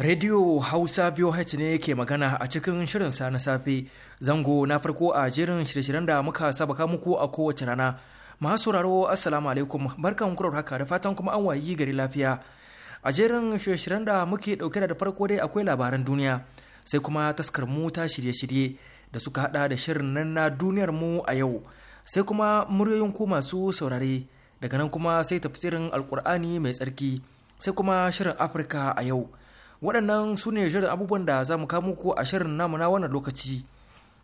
Radio Hausa VOH ne ke magana a cikin shirin sa na safe. Zango na farko a jerin shirye-shiryen da muka sabaka muku a kowace rana. Masu sauraro Assalamu alaikum barkan kurar haka da fatan kuma an wayi gari lafiya. A jerin shirye-shiryen da muke dauke da farko dai akwai labaran duniya sai kuma taskar mu ta shirye-shirye da suka hada da shirin nan na duniyar mu a yau. Sai kuma muryoyin ku masu saurare daga nan kuma sai tafsirin Alkur'ani mai tsarki sai kuma shirin Afirka a yau. waɗannan su ne jirin abubuwan da za mu kamo ko a shirin namu na wannan lokaci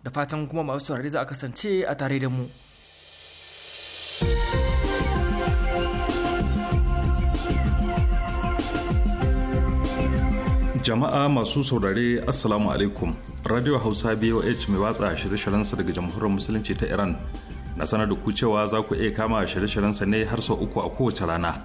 da fatan kuma masu saurare za a kasance a tare da mu. jama'a masu saurare assalamu alaikum radio hausa boh mai watsa shirye sa daga jamhuriyar musulunci ta iran na sanar da ku cewa za ku iya kama shirye sa ne har sau uku a kowace rana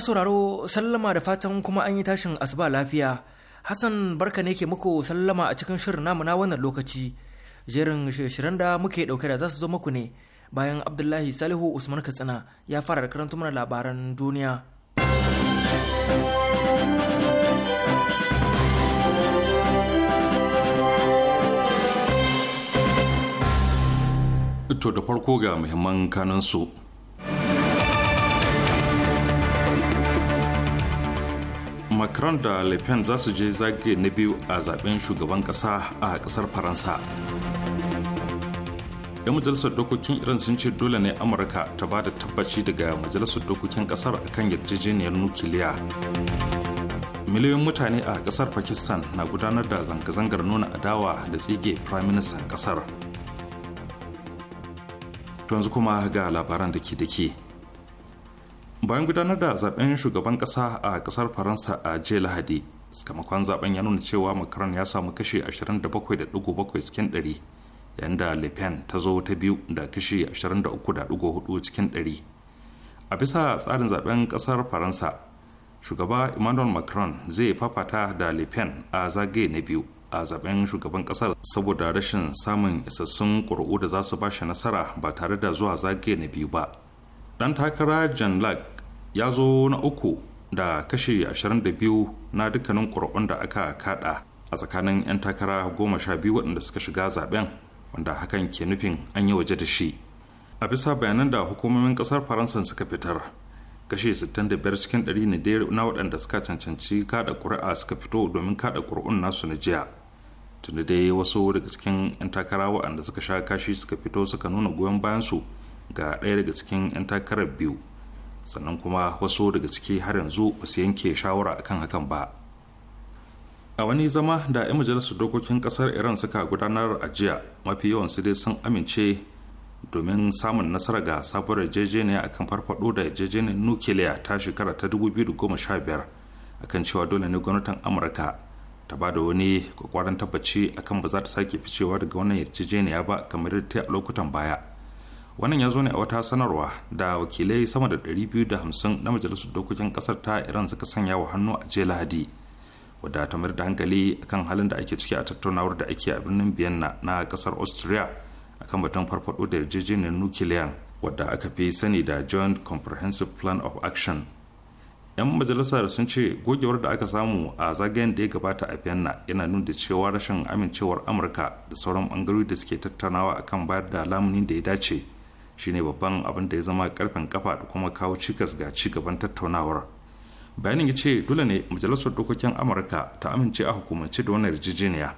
sauraro sallama da fatan kuma an yi tashin asuba lafiya. Hassan barka ne ke muku sallama a cikin shirin namu na wannan lokaci. Jerin shirin da muke dauke da za su zo muku ne bayan Abdullahi Salihu Usman Katsina ya fara da karanta mana labaran duniya. To da farko ga muhimman kanansu. su. macron da le pen za su je zage na biyu a zaben shugaban kasa a kasar faransa yan majalisar dokokin iran sun ce dole ne amurka ta ba da tabbaci daga majalisar dokokin kasar kan yarjejeniyar nukiliya miliyoyin mutane a kasar pakistan na gudanar da zanga-zangar nuna adawa da tsige firaministan kasar yanzu kuma ga labaran da ke da ke bayan gudanar da zaben shugaban kasa a kasar faransa a jiya lahadi sakamakon zaben ya nuna cewa macron ya samu kashi 27.7 cikin 100 yayin da le pen ta zo ta biyu da kashi 23.4 cikin 100 a bisa tsarin zaben kasar faransa shugaba emmanuel macron zai fafata da le pen a zagaye na biyu a zaben shugaban kasar saboda rashin samun isassun ƙuri'u da za su ba shi nasara ba tare da zuwa zagaye na biyu ba dan takara jan lak ya zo na uku da kashi 22 na dukkanin ƙuri'un da aka kada a tsakanin 'yan takara goma sha biyu waɗanda suka shiga zaben wanda hakan ke nufin an yi waje da shi a bisa bayanan da hukumomin ƙasar faransa suka fitar kashe 65 cikin 100 ne na waɗanda suka cancanci kada ƙuri'a suka fito domin kada ƙuri'un nasu na jiya tunda dai wasu daga cikin 'yan takara waɗanda suka sha kashi suka fito suka nuna goyon bayansu ga ɗaya daga cikin 'yan takarar biyu sannan kuma wasu daga ciki har yanzu ba su yanke shawara a kan hakan ba a wani zama da 'yan majalisar dokokin kasar iran suka gudanar a jiya mafi yawan su dai sun amince domin samun nasara ga sabuwar yarjejeniya akan farfado da yarjejeniyar nukiliya ta shekara ta 2015 akan cewa dole ne gwamnatin amurka ta ba da wani kwakwaran tabbaci akan ba za ta sake ficewa daga wannan yarjejeniya ba kamar ta a lokutan baya wannan ya zo ne a wata sanarwa da wakilai sama da 250 na majalisar dokokin kasar ta iran suka sanya wa hannu a jiya lahadi wadda ta mayar da hankali kan halin da ake ciki a tattaunawar da ake a birnin vienna na kasar austria akan batun farfado da yarjejeniyar nukiliyan wadda aka fi sani da joint comprehensive plan of action yan majalisar sun ce gogewar da aka samu a zagayen da ya gabata a vienna yana nuna cewa rashin amincewar amurka da sauran bangarori da suke tattaunawa akan bayar da lamunin da ya dace shine babban abin da ya zama karfin kafa da kuma kawo cikas ga ci gaban tattaunawar bayanin ya ce dole ne majalisar dokokin amurka ta amince a hukumance da wannan yarjejeniya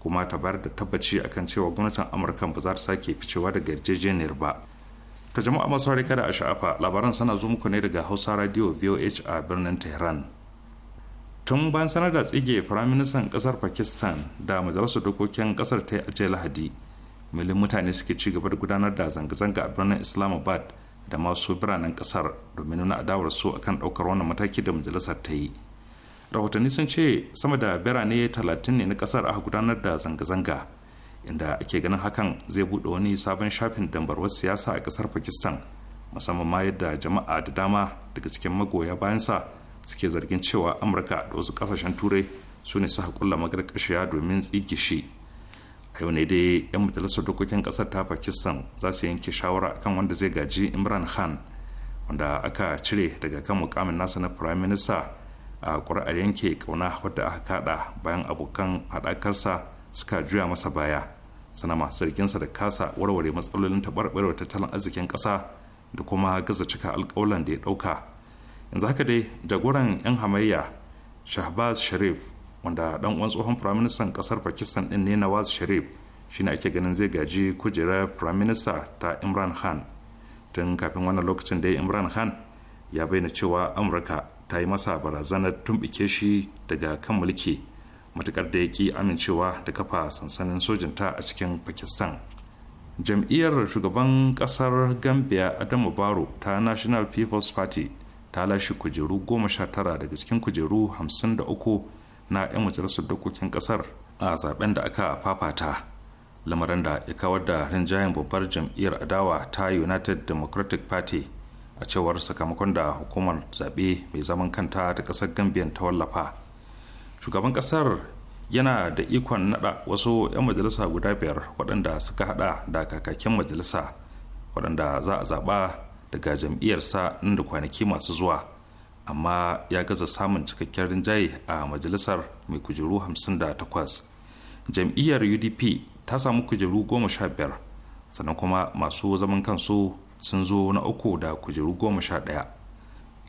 kuma ta bayar da tabbaci akan cewa gwamnatin amurka ba za ta sake ficewa daga yarjejeniyar ba ta jama'a masu harika kada a sha'afa labaran sana zo muku ne daga hausa radio voh a birnin tehran tun bayan sanar da tsige firaministan kasar pakistan da majalisar dokokin kasar ta yi lahadi milin mutane suke ci gaba da gudanar da zanga-zanga a birnin islamabad da masu biranen kasar domin nuna adawar su akan daukar wannan mataki da majalisar ta yi rahotanni sun ce sama da birane talatin ne na kasar aka gudanar da zanga-zanga inda ake ganin hakan zai bude wani sabon shafin dambarwar siyasa a kasar pakistan musamman ma yadda jama'a da dama daga cikin magoya bayansa suke zargin cewa amurka da wasu kasashen turai su ne suka kulla magarkashiya domin tsigishi yau ne dai 'yan majalisar dokokin kasar ta pakistan za su yanke shawara kan wanda zai gaji imran khan wanda aka cire daga kan mukamin nasa na prime minister a ƙuri'ar yanke kauna wadda aka kada bayan abokan haɗakarsa suka juya masa baya sana masu rikinsa da kasa warware matsalolin taɓarɓarewar tattalin arzikin ƙasa da kuma gaza cika alƙawalan da ya ɗauka yanzu haka dai jagoran 'yan hamayya shahbaz sharif wanda dan uwan tsohon firaministan kasar pakistan din ne nawaz sharif shine ake ganin zai gaji kujerar firaminista ta imran khan tun kafin wannan lokacin da imran khan ya bayyana cewa amurka ta yi masa barazanar tumbike shi daga kan mulki matukar da ya ki amincewa da kafa sansanin sojinta a cikin pakistan jam'iyyar shugaban kasar gambia adamu baro ta national people's party ta lashe kujeru goma sha tara daga cikin kujeru hamsin da uku na 'yan majalisar dokokin kasar a zaben da aka fafata lamarin da ya kawar da rinjayen babbar jam'iyyar adawa ta united democratic party a cewar sakamakon da hukumar zaɓe mai zaman kanta ta ƙasar gambiyan ta wallafa shugaban ƙasar yana da ikon nada wasu 'yan majalisa guda biyar waɗanda suka haɗa da kakakin majalisa waɗanda za a zaɓa daga jam'iyyarsa nan da kwanaki masu zuwa amma ya gaza samun cikakken rinjaye a majalisar mai kujeru 58 jam'iyyar udp ta samu kujeru 15 sannan kuma masu zaman kansu sun zo na uku da kujeru 11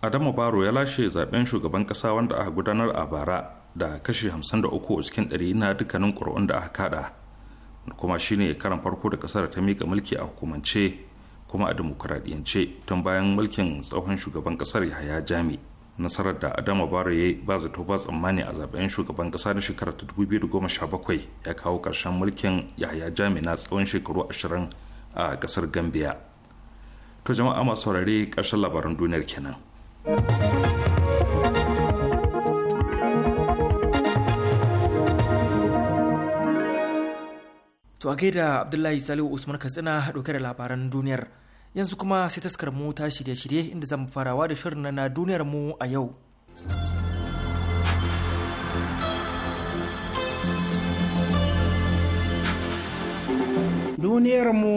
adamu baro ya lashe zaben shugaban kasa wanda aka gudanar a bara da kashi 53 cikin 100 na dukkanin ƙuri'un da aka kada kuma shine karan farko da kasar ta mika mulki a hukumance kuma a demokuraɗiyance tun bayan mulkin tsohon shugaban kasar yahaya jami nasarar da adama baro ya ba zato ba tsammani a zaben shugaban kasa na shekarar ta 2017 ya kawo karshen mulkin yahaya jami tsawon shekaru ashirin a kasar gambia to jama'a masu saurari karshen labaran duniyar kenan to a gaida abdullahi salihu usman katsina haɗauke da labaran duniyar yanzu kuma sai taskar mu ta shirye-shirye inda zamu farawa da shirin na duniyar mu a yau duniyar mu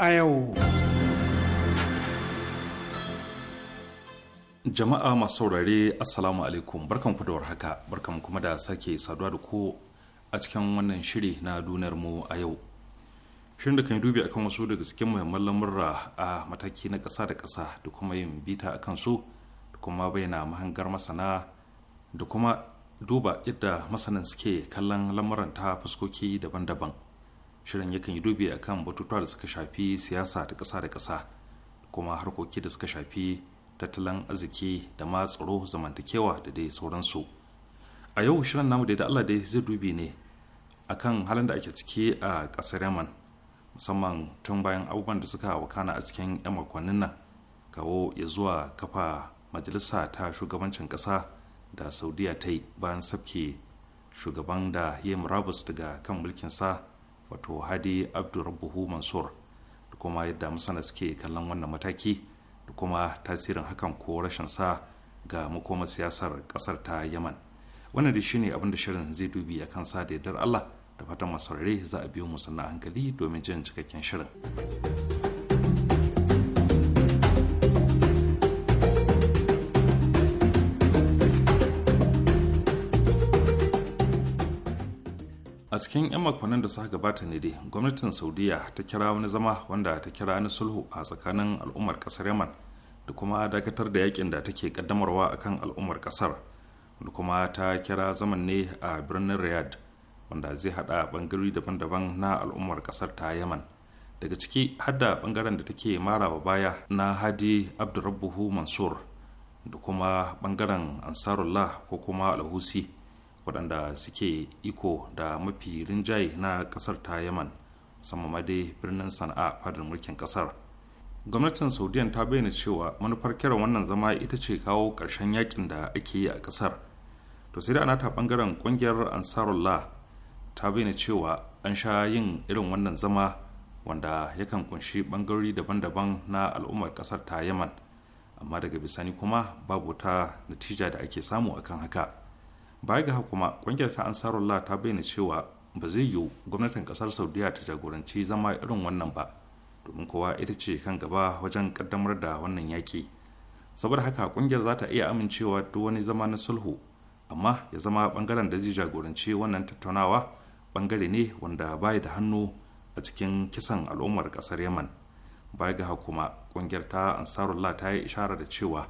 a yau jama'a masu saurare assalamu alaikum barkan ku da warhaka barkan kuma da sake saduwa da ku a cikin wannan shiri na duniyar mu a yau shirin da kan dubi akan wasu daga cikin muhimman lamurra a mataki na ƙasa da ƙasa da kuma yin bita a su da kuma bayyana mahangar masana da kuma duba yadda masanan suke kallon lamuran ta fuskoki daban-daban shirin yakan yi dubi akan batutuwa da suka shafi siyasa da ƙasa da ƙasa kuma harkoki da suka shafi tattalin arziki da ma tsaro zamantakewa da dai sauransu a yau shirin namu da Allah dai zai dubi ne akan halin da ake ciki a ƙasar yaman musamman tun bayan abubuwan da suka wakana a cikin 'yan makonnin nan kawo ya zuwa kafa majalisa ta shugabancin ƙasa da saudiya ta yi bayan sabke shugaban da ya murabus daga kan mulkin sa wato hadi abdurrabuhu mansur da kuma yadda masana suke kallon wannan mataki da kuma tasirin hakan ko rashin sa ga makomar siyasar ƙasar ta yaman wannan da shine abin da shirin zai dubi a kan sa da yardar allah da fatan masu za a biyo mu na hankali domin jin cikakken shirin a cikin 'yan makonnin da suka gabata ne dai gwamnatin saudiya ta kira wani zama wanda ta kira na sulhu a tsakanin al'ummar kasar yaman da kuma dakatar da yakin da take kaddamarwa akan al'ummar kasar da kuma ta kira zaman ne a birnin riyadh wanda zai hada bangarori daban-daban na al'ummar kasar ta yaman daga ciki har da bangaren da take marawa baya na hadi abdurrabbuhu mansur da kuma bangaren ansarullah ko kuma alhusi waɗanda suke iko da mafi rinjaye na ƙasar ta yaman sama dai birnin sana'a fadar mulkin ƙasar gwamnatin saudiyan ta bayyana cewa manufar kiran wannan zama ita ce kawo ƙarshen yakin da ake yi a ƙasar to sai da ana ta bangaren ƙungiyar ansarullah ta bayyana cewa an sha yin irin wannan zama wanda yakan kunshi bangarori daban-daban na al'ummar kasar ta yaman amma daga bisani kuma babu ta natija da ake samu akan haka baya ga kuma kungiyar ta ansarullah ta bayyana cewa ba zai yiwu gwamnatin kasar saudiya ta jagoranci zama irin wannan ba domin kowa ita ce kan gaba wajen kaddamar da wannan yaƙi saboda haka kungiyar za ta iya amincewa duk wani zama na sulhu amma ya zama bangaren da zai jagoranci wannan tattaunawa bangare ne wanda bai da hannu a cikin kisan al'ummar kasar yaman baya ga hakuma kungiyar ta ansarullah ta yi ishara da cewa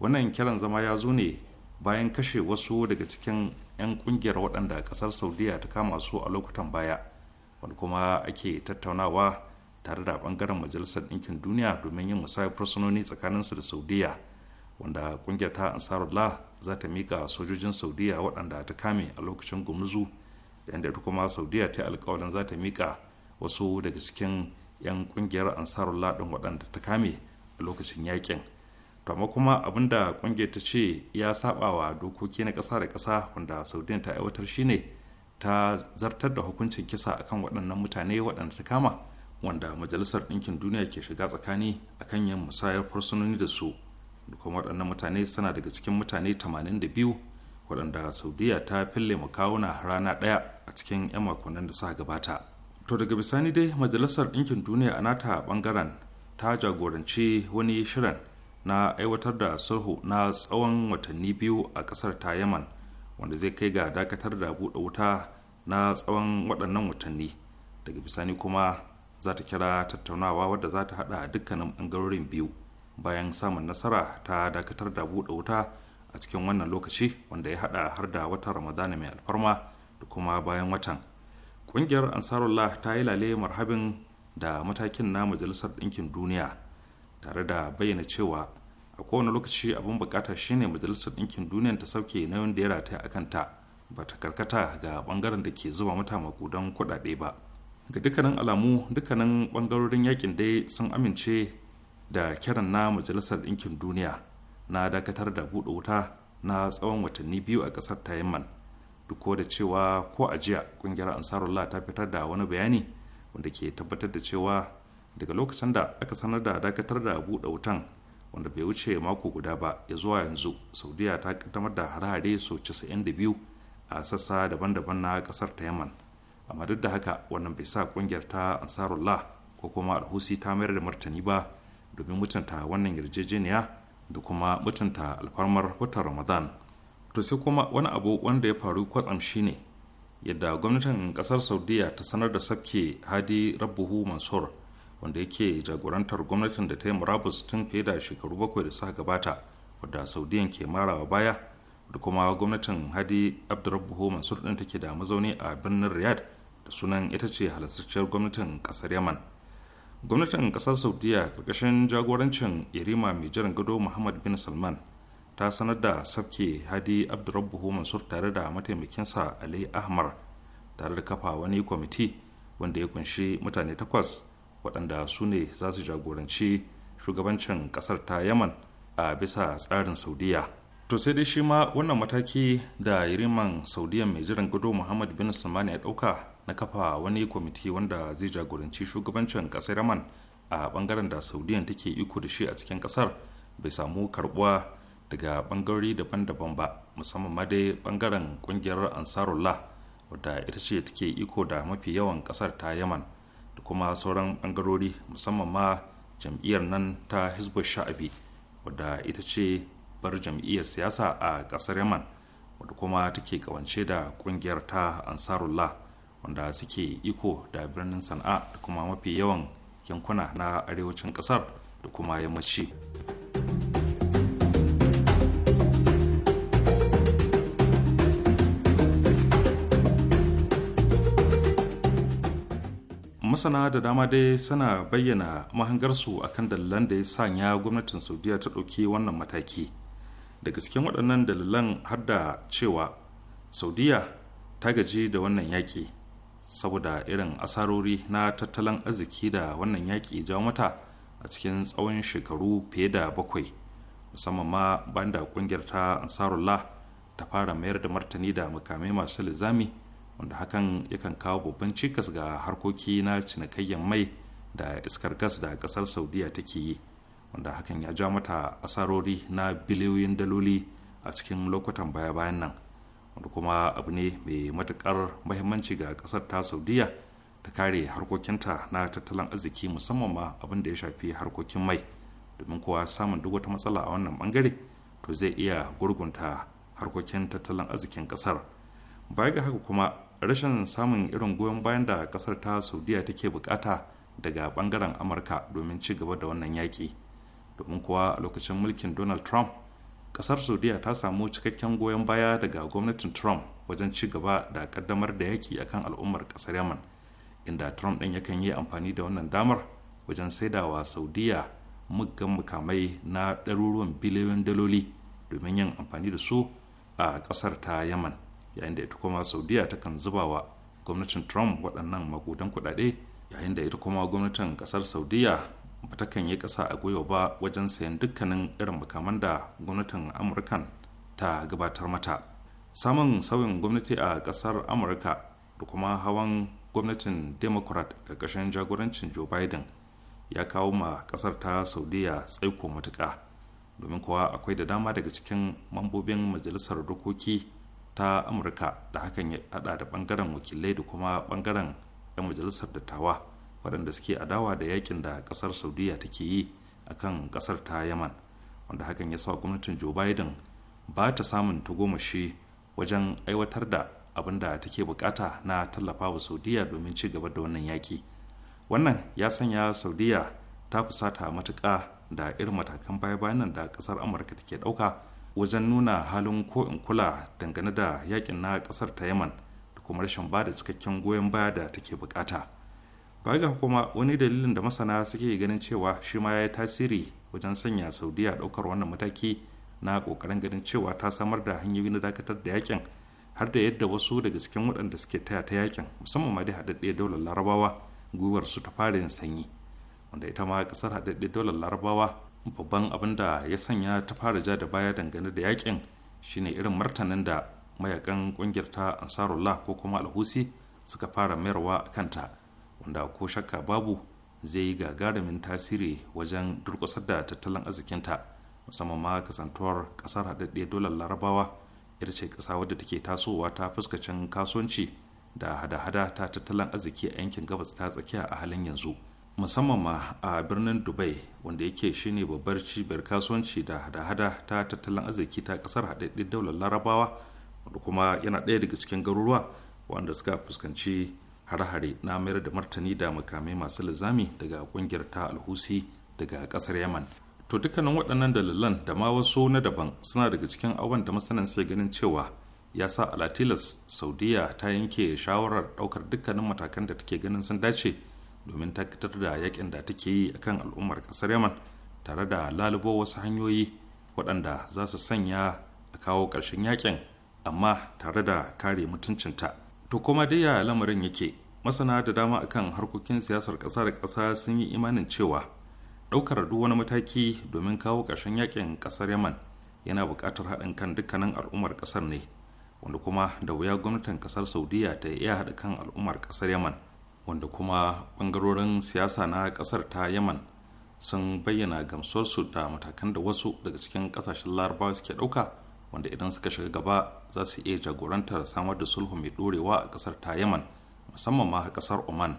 wannan kiran zama ya zo ne bayan kashe wasu daga cikin 'yan kungiyar waɗanda kasar saudiya ta kama su a lokutan baya wani kuma ake tattaunawa tare da bangaren majalisar ɗinkin duniya domin yin musayar fursunoni tsakanin su da saudiya wanda kungiyar ta ansarullah za ta mika sojojin saudiya waɗanda ta kame a lokacin gumuzu yayin kuma saudiya ta alkawalin za ta mika wasu daga cikin 'yan kungiyar ansarar ɗin waɗanda ta kame a lokacin yakin to amma kuma abin da kungiyar ta ce ya saba wa dokoki na ƙasa da ƙasa wanda saudiya ta aiwatar shine ta zartar da hukuncin kisa akan waɗannan mutane waɗanda ta kama wanda majalisar ɗinkin duniya ke shiga tsakani akan yin musayar fursunoni da su kuma waɗannan mutane suna daga cikin mutane 82 waɗanda saudiya ta fille makawuna rana ɗaya a cikin 'yan makonnin da suka gabata to daga bisani dai majalisar ɗinkin duniya a nata ɓangaren ta jagoranci wani shirin na aiwatar da sulhu na tsawon watanni biyu a ƙasar ta yaman wanda zai kai ga dakatar da buɗe wuta na tsawon waɗannan watanni daga bisani kuma za ta kira tattaunawa wadda za ta haɗa dukkanin ɓangarorin biyu bayan samun nasara ta dakatar da buɗe wuta a cikin wannan lokaci wanda ya haɗa har da watan ramadana mai alfarma da kuma bayan watan ƙungiyar ansarullah ta yi lale marhabin da matakin na majalisar ɗinkin duniya tare da bayyana cewa a kowane lokaci abin bukata shine majalisar ɗinkin duniya ta sauke nauyin da ya rataya a kanta ba ta karkata ga bangaren da ke zuba mata makudan kuɗaɗe ba ga dukkanin alamu dukkanin ɓangarorin yakin dai sun amince da kiran na majalisar ɗinkin duniya na dakatar da buɗe wuta na tsawon watanni biyu a ƙasar ta yamman duk da cewa ko a jiya ƙungiyar ansarullah ta fitar da wani bayani wanda ke tabbatar da cewa daga lokacin da aka sanar da dakatar da buɗe wutan wanda bai wuce mako guda ba ya zuwa yanzu saudiya ta kaddamar da hare-hare sau biyu a sassa daban-daban na ƙasar ta yamman amma duk da haka wannan bai sa ƙungiyar ta ansarullah ko kuma alhusi ta mayar da martani ba domin mutunta wannan yarjejeniya da kuma mutunta alfarmar watan ramadan to sai kuma wani abu wanda ya faru kwatsam shine yadda gwamnatin kasar saudiya ta sanar da sabke hadi rabbuhu mansur wanda yake jagorantar gwamnatin da ta yi murabus tun fiye da shekaru bakwai da suka gabata wadda saudiyan ke marawa baya da kuma gwamnatin hadi abdurrabbuhu mansur din take da mazauni a birnin riyad da sunan ita ce halasarciyar gwamnatin kasar yaman gwamnatin kasar saudiya karkashin jagorancin irima mai jiran gado muhammad bin salman ta sanar da sabke hadi abdurrabbuhu mansur tare da mataimakinsa ali ahmar tare da kafa wani kwamiti wanda ya kunshi mutane takwas waɗanda su ne za su jagoranci shugabancin kasar ta yaman a bisa tsarin saudiya to sai dai shi ma wannan mataki da yiriman saudiya mai jiran gado muhammad bin salman ya ɗauka na kafa wani kwamiti wanda zai jagoranci shugabancin kasar yaman a bangaren da saudiyan take iko da shi a cikin kasar bai samu karbuwa daga bangarori daban-daban ba musamman ma dai bangaren kungiyar ansarullah wadda ita ce take iko da mafi yawan kasar ta yaman da kuma sauran bangarori musamman ma jam'iyyar nan ta hizbut sha'abi wadda ita ce bar jam'iyyar siyasa a kasar yaman wadda kuma take kawance da kungiyar ta ansarullah wanda suke iko da birnin sana'a da kuma mafi yawan yankuna na arewacin kasar da kuma yammaci masana da dama dai suna bayyana mahangarsu a kan dalilan da ya sanya gwamnatin saudiya ta ɗauki wannan mataki da gaske waɗannan dalilan har da cewa saudiya ta gaji da wannan yaƙi saboda irin asarori na tattalin arziki da wannan yaƙi ja mata a cikin tsawon shekaru fiye da bakwai musamman ma da ƙungiyar ta ansarullah ta fara mayar da martani da makamai masu lizami wanda hakan yakan kawo babban cikas ga harkoki na cinikayyar mai da iskar gas da ƙasar saudiya take yi wanda hakan ya ja mata asarori na biliyoyin daloli a cikin lokutan baya-bayan nan wanda kuma abu ne mai matukar mahimmanci ga kasar ta saudiya ta kare harkokinta na tattalin arziki musamman ma abin da ya shafi harkokin mai domin kuwa samun duk wata matsala a wannan bangare to zai iya gurgunta harkokin tattalin arzikin kasar baya ga haka kuma rashin samun irin goyon bayan da kasar ta saudiya take bukata daga bangaren amurka domin ci gaba da wannan yaƙi domin kuwa a lokacin mulkin donald trump kasar saudiya ta samu cikakken goyon baya daga gwamnatin trump wajen ci gaba da kaddamar da yaki akan al'ummar kasar yaman inda trump ɗin yakan yi amfani da wannan damar wajen saidawa saudiya muggan mukamai na ɗaruruwan biliyoyin daloli domin yin amfani da su a kasar ta yaman yayin da ita kuma saudiya ta kan zuba wa gwamnatin trump waɗannan magudan kuɗaɗe yayin da ita kuma gwamnatin kasar saudiya ba ta kan yi ƙasa a gwiwa ba wajen sayan dukkanin irin makaman da gwamnatin amurkan ta gabatar mata samun sauyin gwamnati a ƙasar amurka da kuma hawan gwamnatin democrat ƙarƙashin jagorancin joe biden ya kawo ma ƙasar ta saudiya tsaiko matuka domin kuwa akwai da dama daga cikin mambobin majalisar dokoki ta amurka da hakan ya hada da bangaren wakilai da kuma bangaren 'yan majalisar dattawa waɗanda suke adawa da yakin da ƙasar saudiya take yi a kan ƙasar ta yaman wanda hakan ya sa gwamnatin joe biden ba ta samun tagomashi wajen aiwatar da abin da take bukata na tallafa wa saudiya domin ci gaba da wannan yaki wannan ya sanya saudiya ta fusata matuƙa da irin matakan baya-bayan da ƙasar amurka take ɗauka wajen nuna halin ko in kula dangane da yakin na ƙasar ta yaman da kuma rashin ba da cikakken goyon baya da take bukata. baya ga kuma wani dalilin da masana suke ganin cewa shi ma ya yi tasiri wajen sanya saudiya ɗaukar wannan mataki na kokarin ganin cewa ta samar da hanyoyi na dakatar da yakin har da yadda wasu daga cikin waɗanda suke taya ta yakin musamman ma dai haɗaɗɗiyar daular larabawa gwiwar su ta fara yin sanyi wanda ita ma ƙasar haɗaɗɗiyar daular larabawa babban abin da ya sanya ta fara ja da baya dangane da yakin shine irin martanin da mayakan ƙungiyar ta ansarullah ko kuma alhusi suka fara mayarwa a kanta wanda ko shakka babu zai yi gagarumin tasiri wajen durkusar da tattalin arzikinta musamman ma kasantuwar ƙasar haɗaɗɗe dolar larabawa ita ce ƙasa wadda take tasowa ta fuskacin kasuwanci da hada-hada ta tattalin arziki a yankin gabas ta tsakiya a halin yanzu musamman ma a birnin dubai wanda yake shine babbar cibiyar kasuwanci da hada-hada ta tattalin arziki ta ƙasar haɗaɗɗe larabawa wanda kuma yana ɗaya daga cikin garuruwa wanda suka fuskanci hare-hare na mayar da martani da makamai masu lizami daga kungiyar ta alhusi daga kasar yaman to dukkanin waɗannan dalilan da ma wasu na daban suna daga cikin awon da masanan sai ganin cewa ya sa alatilas saudiya ta yanke shawarar ɗaukar dukkanin matakan da take ganin sun dace domin takatar da yakin da take yi akan al'ummar kasar yaman tare da lalubo wasu hanyoyi waɗanda za su sanya a kawo ƙarshen yakin amma tare da kare mutuncinta to kuma dai ya lamarin yake masana da dama akan harkokin siyasar ƙasa da ƙasa sun yi imanin cewa ɗaukar duk wani mataki domin kawo ƙarshen yakin ƙasar yaman yana buƙatar haɗin kan dukkanin al'ummar ƙasar ne wanda kuma da wuya gwamnatin ƙasar saudiya ta iya haɗa kan al'ummar ƙasar yaman wanda kuma ɓangarorin siyasa na ƙasar ta yaman sun bayyana gamsuwarsu da matakan da wasu daga cikin ƙasashen larabawa suke ɗauka wanda idan suka shiga gaba za su iya jagorantar samar da sulhu mai ɗorewa a kasar ta yaman musamman ma a kasar oman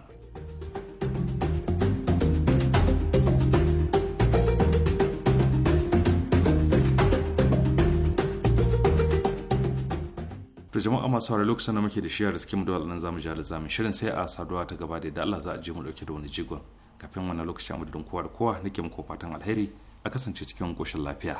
to jama'a masu saurari lokacin da muke da shiyar skim dole nan zamu ja da zamu shirin sai a saduwa ta gaba da yadda Allah za a je mu dauke da wani jigon kafin wannan lokacin mu da kowa da kowa nake muku fatan alheri a kasance cikin koshin lafiya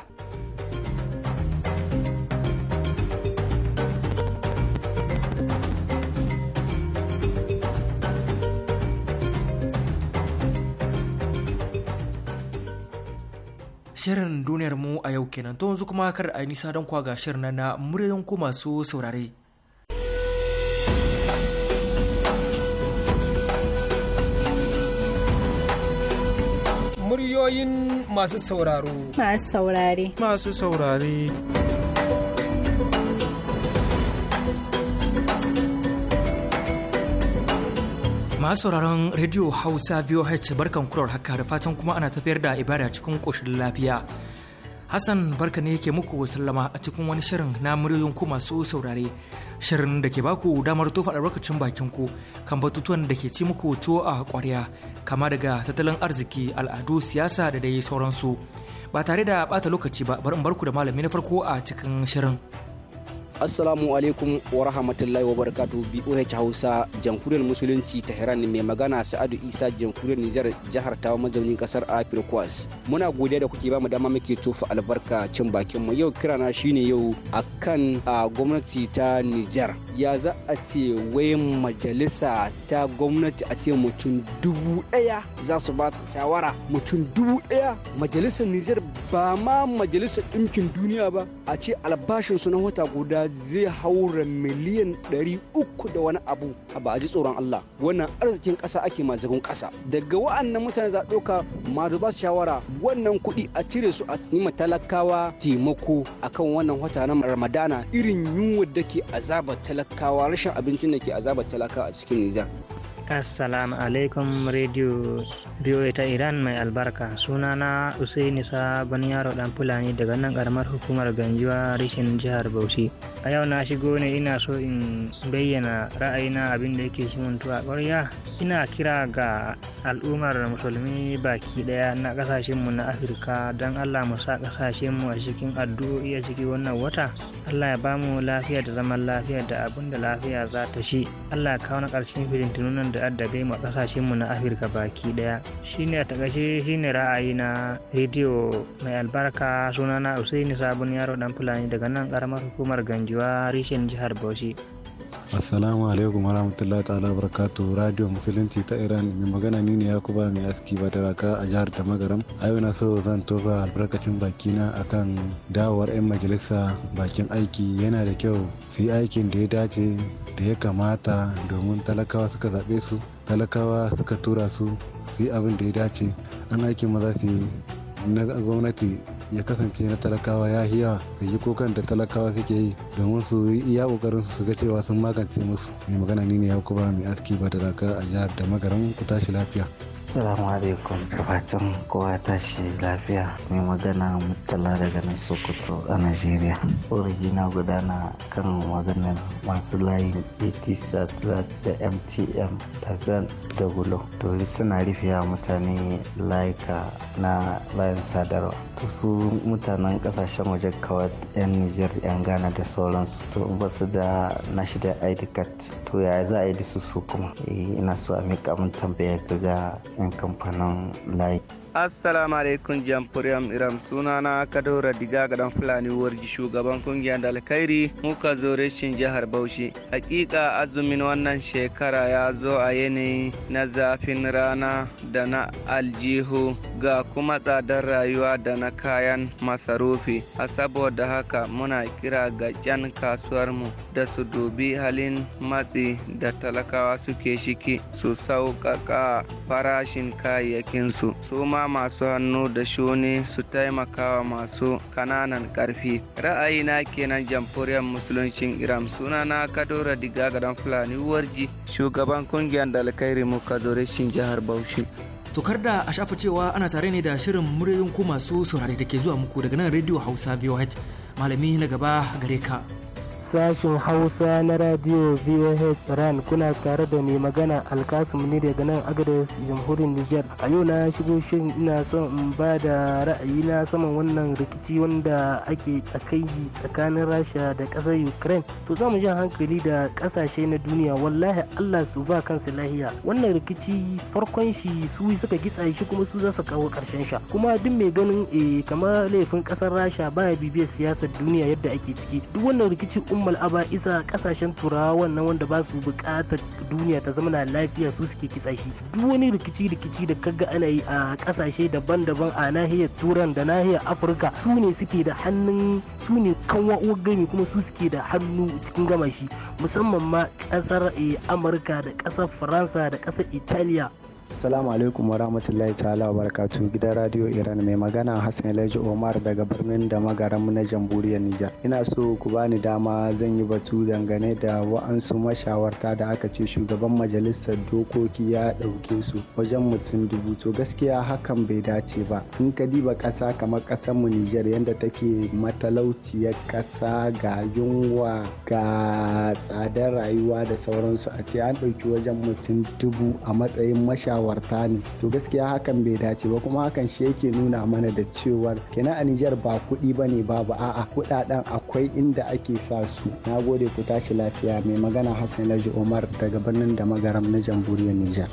Shirin duniyar mu a yau kenan to yanzu kuma kar a yi nisa don kwa ga shirin na muryoyin ku masu saurare. Muryoyin masu sauraro. Masu saurare. Masu saurare. masu sauraron rediyo hausa VOH barkan kurar haka da fatan kuma ana tafiyar da ibada cikin ƙoshin lafiya hassan barka ne yake muku sallama a cikin wani shirin na muryoyin ku masu saurare shirin da ke baku damar tofa lokacin bakin ku kan batutuwan da ke ci muku tuwo a kwarya kama daga tattalin arziki al'adu siyasa da dai sauransu ba tare da bata lokaci ba bari in barku da malami na farko a cikin shirin Assalamu alaikum wa rahmatullahi wa barakatu BOH Hausa Jamhuriyar Musulunci Tehran mai magana Sa'adu Isa Jamhuriyar Nijar jihar Tawa mazaunin kasar Afirkwas. Muna godiya da kuke bamu dama muke tofa albarka cin bakin mu yau kirana shine yau akan a gwamnati ta Nijar. Ya za a ce wai majalisa ta gwamnati a ce mutum dubu ɗaya za su ba ta shawara mutum dubu ɗaya majalisar Nijar ba ma majalisar ɗinkin duniya ba a ce su na wata guda zai haura miliyan ɗari uku da wani abu ba a ji tsoron Allah wannan arzikin ƙasa ake ma zagon ƙasa daga wa'annan mutane za ɗauka masu ba shawara wannan kuɗi a cire su a yi talakawa taimako akan wannan wata na ramadana irin yunwa da ke azabar talakawa rashin abincin da ke azabar talakawa a cikin Nijar. assalamu alaikum radio biyo ta iran mai albarka sunana usaini sabon yaro dan fulani daga nan karamar hukumar ganjuwa rashin jihar bauchi a yau na shigo ne ina so in bayyana ra'ayina abin da yake shimuntu a ƙwarya ina kira ga al'ummar musulmi baki daya na kasashenmu na afirka don allah mu sa kasashenmu a cikin addu'o'i a cikin wannan wata allah ya bamu lafiya da zaman lafiya da abin da lafiya za ta shi allah ya kawo na ƙarshen fitintunan da da bai ma kasashen mu na Afirka baki daya shine a takashe shine ra'ayi na rediyo mai albarka sunana Usaini Sabon Yaro dan Fulani daga nan karamar hukumar Ganjuwa rishin jihar Bauchi Assalamu alaikum warahmatullahi ta'ala barakatuh Radio Musulunci ta Iran mai magana ni ne Yakuba mai aski ba raka a jihar da magaram. A yau na so zan tofa albarkacin bakina akan dawowar 'yan majalisa bakin aiki yana da kyau su yi aikin da ya dace da ya kamata domin talakawa suka zaɓe su talakawa suka tura su su yi abin da ya dace an aikin maza su yi na gwamnati ya kasance na talakawa ya yi yawa da yi kokan da talakawa suke yi domin su yi iya kokarin su ga cewa sun magance musu mai magana ni ne ya kuma mai aski ba da raka a jihar da magaran ku tashi lafiya. Assalamu alaikum fatan kowa tashi lafiya mai magana mutala daga nan Sokoto a Najeriya. Ƙorafi na gudana kan maganar masu layin ATSAT da MTM da Zan da Gulo. To suna a mutane laika na layin sadarwa. To su mutanen kasashen waje kawai 'yan Nijar 'yan Ghana da sauransu. To ba su da nashi da ID card. To yaya za a yi da su su kuma? Eh, ina so a mika mun tambaya ga yan kamfanin layi assalamu alaikum jamfuriyam iram sunana kadora diga gadan fulani warji shugaban kungiyar da alkhairi muka zo reshin jihar bauchi hakika azumin wannan shekara ya zo a yanayi na zafin rana da na aljihu ga kuma tsadar rayuwa da na kayan masarufi a saboda haka muna kira ga yan mu da su dubi halin matsi da talakawa suke shiki su sauƙaƙa farashin kayayyakinsu su ma masu hannu da shuni su taimakawa masu kananan ƙarfi na kenan jamhuriyar musuluncin iran na kadora diga gadan fulani warji shugaban kungiyar dalakai remoka shin jihar bauchi tokar da a shafa cewa ana tare ne da shirin muryoyin ku masu saurare da ke zuwa muku daga nan radio hausa voh malami na gaba gare ka sashen hausa na radio voh iran kuna tare da mai magana alkasum ne daga nan agadez jamhuriyar nijar a yau na shigo shirin ina son in ba da ra'ayi na saman wannan rikici wanda ake tsakai tsakanin rasha da ƙasar ukraine to za mu ji hankali da ƙasashe na duniya wallahi allah su ba kansu lahiya wannan rikici farkon shi su suka gitsa shi kuma su za su kawo ƙarshen sha kuma duk mai ganin e kamar laifin ƙasar rasha baya bibiyar siyasar duniya yadda ake ciki duk wannan rikici um musamman isa kasashen turawa wannan wanda ba su bukatar duniya ta zama lafiya su suke kitsa shi duk wani rikici rikici da kaga ana yi a kasashe daban-daban a nahiyar turan da nahiyar afirka su ne suke da hannun su ne kanwa gami kuma su suke da hannu cikin gama shi musamman ma kasar eh, amurka da kasar faransa da kasar italiya Assalamu alaikum wa rahmatullahi ta'ala wa barakatu gidan Radio Iran mai magana Hassan Elijah Omar daga birnin da magaram na jamhuriyar Nijar. Ina so ku bani dama zan yi batu dangane da wa'ansu mashawarta da aka ce shugaban majalisar dokoki ya ɗauke su wajen mutum dubu to gaskiya hakan bai dace ba. In ka diba ƙasa kamar ƙasar mu Nijar yadda take matalauciyar ƙasa ga yunwa ga tsadar rayuwa da sauransu a ce an ɗauki wajen mutum dubu a matsayin mashawarta mashawarta ne to gaskiya hakan bai dace ba kuma hakan shi yake nuna mana da cewar kenan a Nijar ba kuɗi ba ne babu a'a kuɗaɗen akwai inda ake sa su na gode ku tashi lafiya mai magana Hassan Laji Omar daga birnin da magaram na jamhuriyar Nijar.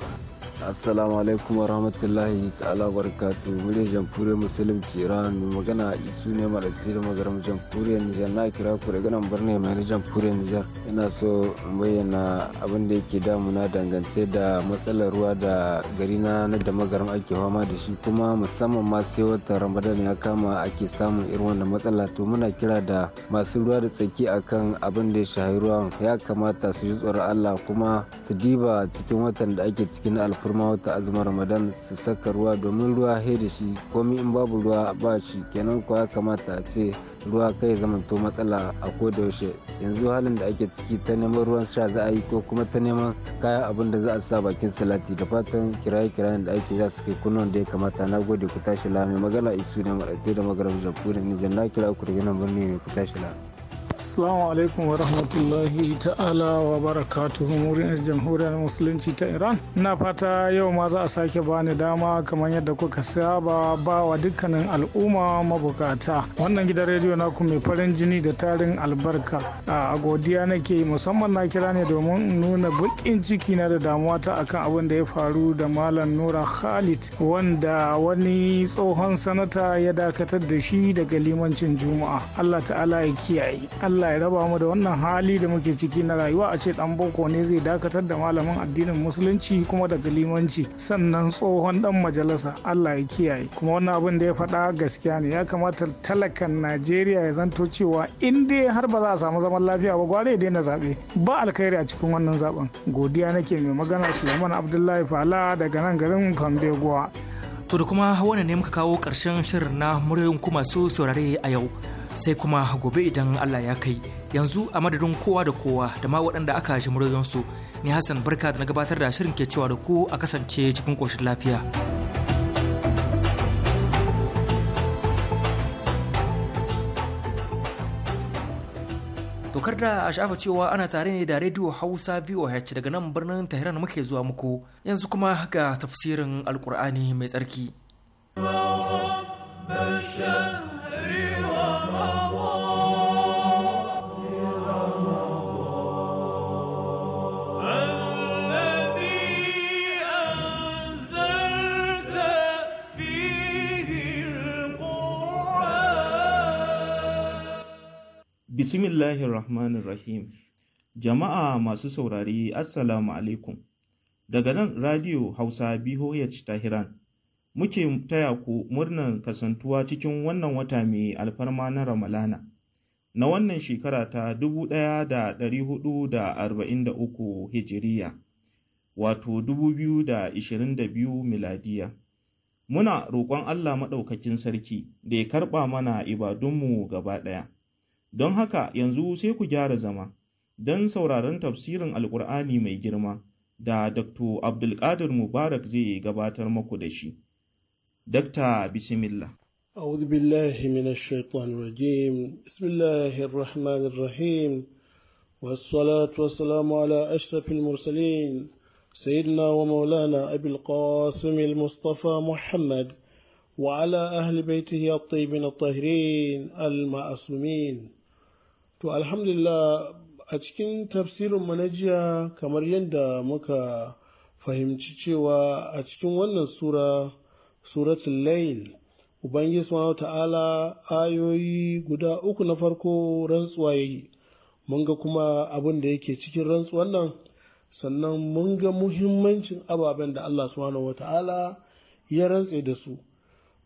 assalamu alaikum wa rahmatullahi ta'ala barakatu muryar jamhuriyar musulunci iran magana isu ne malatsi da magaram jamhuriyar nijar na kira ku daga nan birnin mai na jamhuriyar nijar ina so in bayyana abin da yake damuna dangance da matsalar ruwa da gari na na da magaram ake fama da shi kuma musamman ma sai watan ramadan ya kama ake samun irin wannan matsala to muna kira da masu ruwa da tsaki akan abin da ya shahi ruwan ya kamata su ji tsoron allah kuma su diba cikin watan da ake ciki na alfa kurma wata azumin ramadan su saka ruwa domin ruwa he da shi komi in babu ruwa ba shi kenan kuwa ya kamata a ce ruwa kai zamanto matsala a ko yaushe yanzu halin da ake ciki ta neman ruwan sha za a yi ko kuma ta neman kayan abin da za a sa bakin salati da fatan kiraye-kirayen da ake za su kai kunnon da ya kamata na gode ku tashi lami magana isu ne maɗaɗe da magaram da nijar na kira ku da nan birni ne ku tashi lami. Assalamu alaikum wa rahmatullahi ta'ala wa barakatuhu murin jamhuriyar musulunci ta Iran. Ina fata yau ma za a sake bani dama kamar yadda kuka saba ba wa dukkanin al'umma mabukata. Wannan gidan rediyo naku mai farin jini da tarin albarka. A godiya nake musamman na kira ne domin in nuna bukin ciki na da damuwa ta akan abin da ya faru da Malam Nura Khalid wanda wani tsohon sanata ya dakatar da shi daga limancin Juma'a. Allah ta'ala ya kiyaye. Allah ya raba mu da wannan hali da muke ciki na rayuwa a ce dan boko ne zai dakatar da malamin addinin musulunci kuma da limanci sannan tsohon dan majalisa Allah ya kiyaye kuma wannan abin da ya faɗa gaskiya ne ya kamata talakan Najeriya ya zanto cewa in dai har ba za a samu zaman lafiya ba gware daina zaɓe ba alkhairi a cikin wannan zaben godiya nake mai magana Suleiman Abdullahi Fala daga nan garin Kambeguwa. To da kuma wannan ne muka kawo ƙarshen shirin na muryoyin kuma masu saurare a yau. sai kuma gobe idan Allah ya kai yanzu a madadin kowa da kowa da ma waɗanda aka shi su ni Hassan barka da na gabatar da shirin ke cewa da ku a kasance cikin ƙoshin lafiya. dokar da a shafa cewa ana tare ne da rediyo Hausa VOH daga nan birnin Tehran muke zuwa muku yanzu kuma ga tafsirin alkur'ani mai tsarki. Bismillahirrahmanirrahim. Jama'a masu saurari, Assalamu alaikum. Daga nan Radio Hausa BOH Tahiran muke taya ku murnan kasantuwa cikin wannan wata mai alfarma na Ramalana, na wannan shekara ta 1443 Hijiriya, wato 2022 Miladiya. Muna roƙon Allah Maɗaukakin Sarki da ya karɓa mana ibadunmu gaba ɗaya. Don haka yanzu sai ku gyara zama, don sauraron tafsirin Alƙur'ani mai girma da Dr. Abdulkadir Mubarak zai gabatar muku da shi. Dakta Bismillah. أعوذ بالله من الشيطان الرجيم بسم الله الرحمن الرحيم والصلاة والسلام على أشرف المرسلين سيدنا ومولانا أبي القاسم المصطفى محمد وعلى أهل بيته الطيبين الطاهرين المعصومين تو الحمد لله أتكين تفسير منجيا كمريان دا مكا fahimci cewa a cikin wannan sura suratul layl ubangiji subhanahu ta'ala ayoyi guda uku na farko rantsuwa yayi mun ga kuma abin da yake cikin rantsuwan nan sannan mun ga muhimmancin ababen da Allah subhanahu ta'ala ya rantse da su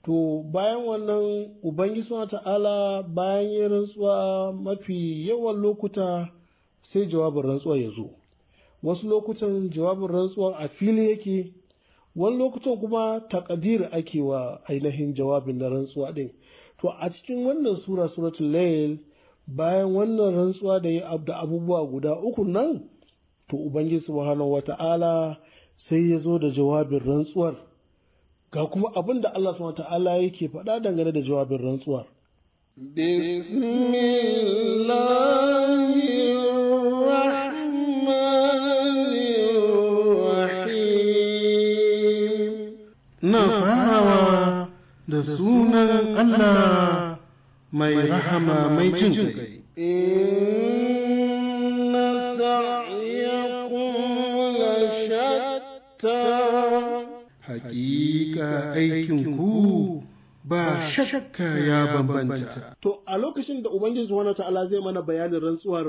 to bayan wannan ubangiji subhanahu ta'ala bayan ya rantsuwa mafi yawan lokuta sai jawabin rantsuwa ya zo wasu lokutan jawabin rantsuwa a fili yake wani lokacin kuma takadir ake wa ainihin jawabin na rantsuwa ɗin to a cikin wannan sura suratul layl bayan wannan rantsuwa da ya abda abubuwa guda uku nan to ubangiji subhanahu wata'ala sai ya zo da jawabin rantsuwar ga kuma abin da Allah subhanahu wata'ala yake faɗa dangane da jawabin rantsuwar bismillahi da sunan Allah mai rahama mai jin kai. Hakika aikin ku ba shakka ya bambanta. To, a lokacin da Ubangiji Wani ta'ala zai mana bayanin rantsuwar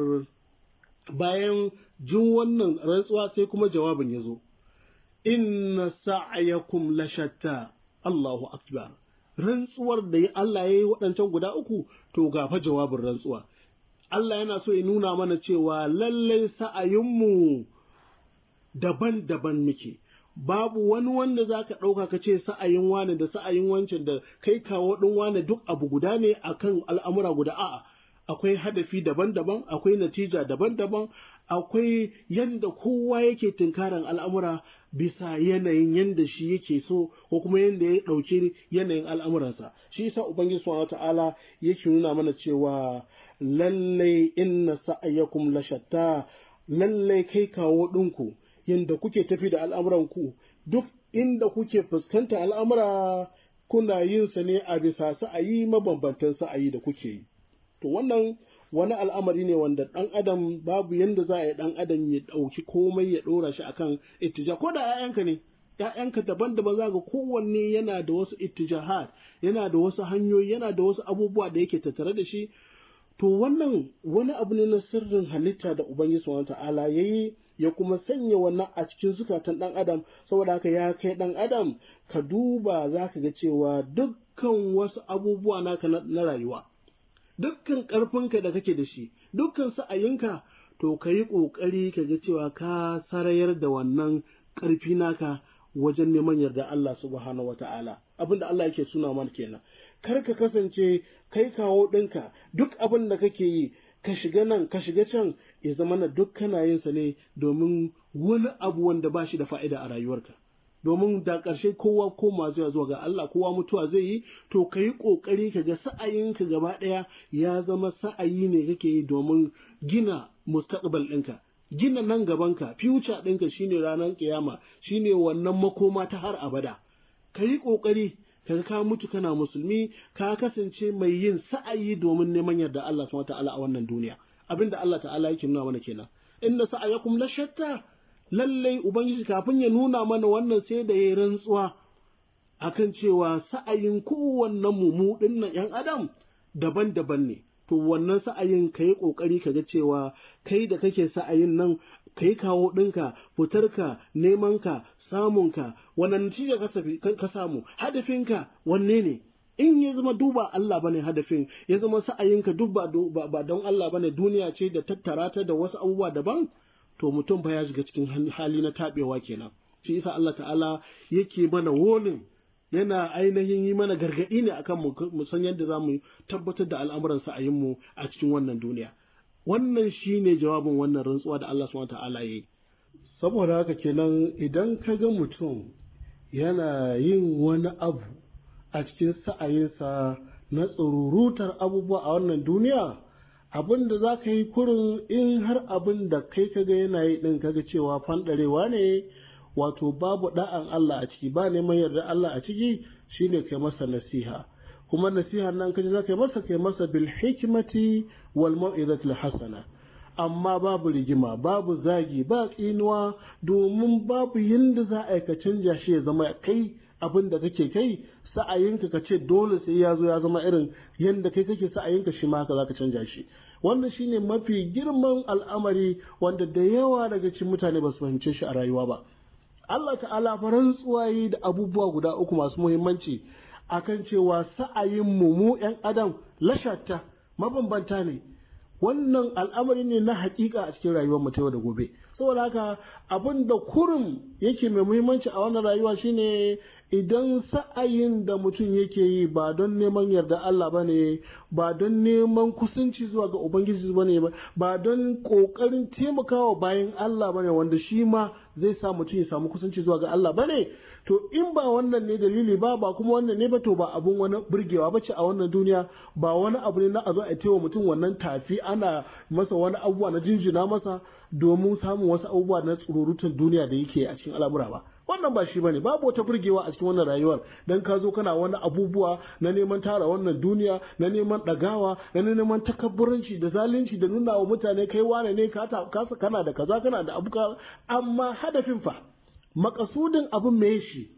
bayan jin wannan rantsuwa sai kuma jawabin ya zo. Inna sa'ayakum lashatta Allahu Akbar. rantsuwar da Allah ya yi waɗancan guda uku to ga fa jawabin rantsuwa Allah yana so ya nuna mana cewa lallai sa'ayinmu daban-daban muke babu wani wanda za ka ɗauka ka ce sa'ayin wane da sa'ayin wancan da kai kawo ɗin wane duk abu guda ne a kan al'amura guda a'a akwai hadafi daban-daban akwai natija daban-daban akwai yadda kowa yake tunkaran al'amura bisa yanayin yanda shi yake so ko kuma yanda ya ɗauki yanayin al'amuransa shi yasa ubangiji subhanahu ta'ala yake nuna mana cewa lallai inna sa’ayyakum lashatta lallai kai kawo ɗinku yanda kuke tafi da al'amuranku duk inda kuke fuskanta al'amura kuna yinsa ne a bisa sa'ayi mabambantan sa'ayi da kuke yi to wannan wani al'amari ne wanda ɗan adam babu yadda za a yi ɗan adam ya ɗauki komai ya ɗora shi akan ittija ko da 'ya'yanka ne ‘ya'yanka daban-daban za ga kowanne yana da wasu ittijahat yana da wasu hanyoyi yana da wasu abubuwa da yake tattare da shi to wannan wani abu ne na sirrin halitta da ubangiji subhanahu ta'ala yayi ya kuma sanya wannan a cikin zukatan ɗan adam saboda haka ya kai ɗan adam ka duba za ka ga cewa dukkan wasu abubuwa naka na rayuwa dukkan ƙarfinka da kake da shi dukkan sa'ayinka to ka yi ƙoƙari ka ga cewa ka sarayar da wannan ƙarfi naka wajen neman yarda Allah subhanahu wata'ala abin da Allah yake suna mana kenan kar ka kasance kai kawo ɗinka duk abin da kake yi ka shiga nan ka shiga can ya zama na duk kana yin sa ne domin wani abu wanda ba shi da fa'ida a rayuwarka domin da ƙarshe kowa koma zai zuwa ga Allah kowa mutuwa zai yi to ka yi ƙoƙari ka ga sa'ayinka gaba ɗaya ya zama sa'ayi ne kake yi domin gina mustaqbal ɗinka gina nan gabanka future ɗinka shine ranar kiyama shine wannan makoma ta har abada ka yi ƙoƙari ka ka mutu kana musulmi ka kasance mai yin sa'ayi domin neman yarda Allah subhanahu ta'ala a wannan duniya abinda Allah ta'ala yake nuna mana kenan inna sa'ayakum la shatta lallai ubangiji kafin ya nuna mana wannan sai da ya rantsuwa a kan cewa sa'ayin kowannen mu dinnan yan adam daban-daban ne to wannan sa'ayin ka yi ƙoƙari ka ga cewa kai da kake sa'ayin nan ka yi kawo ɗinka fitarka nemanka samunka wannan natija ka samu hadafinka wanne ne in ya zama duba Allah bane hadafin ya zama sa'ayinka duk ba don Allah bane duniya ce da tattara ta da wasu abubuwa daban to mutum ba ya shiga cikin hali na taɓewa kenan shi isa Allah ta'ala yake mana wonin yana ainihin yi mana gargaɗi ne akan mu san yadda za mu tabbatar da al'amuran mu a cikin wannan duniya wannan shine jawabin wannan rantsuwa da Allah subhanahu ta'ala yayi saboda haka kenan idan ka ga mutum yana yin wani abu a cikin sa'ayinsa na tsururutar abubuwa a wannan duniya abin da za ka yi kurin in har abin da kai kaga yana yi ɗin kaga cewa fanɗarewa ne wato babu da'an Allah a ciki ba neman yarda Allah a ciki shine kai masa nasiha kuma nasiha nan kaji za ka yi masa kai masa bil hikmati wal mau'izatil hasana amma babu rigima babu zagi ba tsinuwa domin babu yinda za a ka canja shi ya zama kai abin da kake kai sa'ayinka ka ce dole sai ya zo ya zama irin yadda kai kake sa'ayinka shi ma haka za ka canja shi wannan shine mafi girman al'amari wanda da yawa daga cikin mutane ba su fahimce shi a rayuwa ba Allah ta'ala faran tsuwayi da abubuwa guda uku masu muhimmanci akan cewa sa'ayin mu 'yan adam lashata mabambanta ne wannan al'amari ne na hakika a cikin rayuwar mu ta yau da gobe saboda haka abin da kurum yake mai muhimmanci a wannan rayuwa shine idan sa'ayin da mutum yake yi ba don neman yarda Allah ba ne ba don neman kusanci zuwa ga Ubangiji ba ne ba don ƙoƙarin taimakawa bayan Allah ba ne wanda shi ma zai sa mutum ya samu kusanci zuwa ga Allah ba ne to in ba wannan ne dalili ba ba kuma wannan ne ba to ba abun wani burgewa ba ce a wannan duniya ba wani abu ne na a zo a taiwa mutum wannan tafi ana masa wani abubuwa na jinjina masa domin samun wasu abubuwa na tsururutun duniya da yake a cikin al'amura ba wannan ba shi bane babu wata burgewa a cikin wannan rayuwar dan ka zo kana wani abubuwa na neman tara wannan duniya na neman dagawa na neman takabburanci da zalunci da nuna wa mutane kai wane ne ka kana da kaza kana da abu amma hadafin fa makasudin abun me shi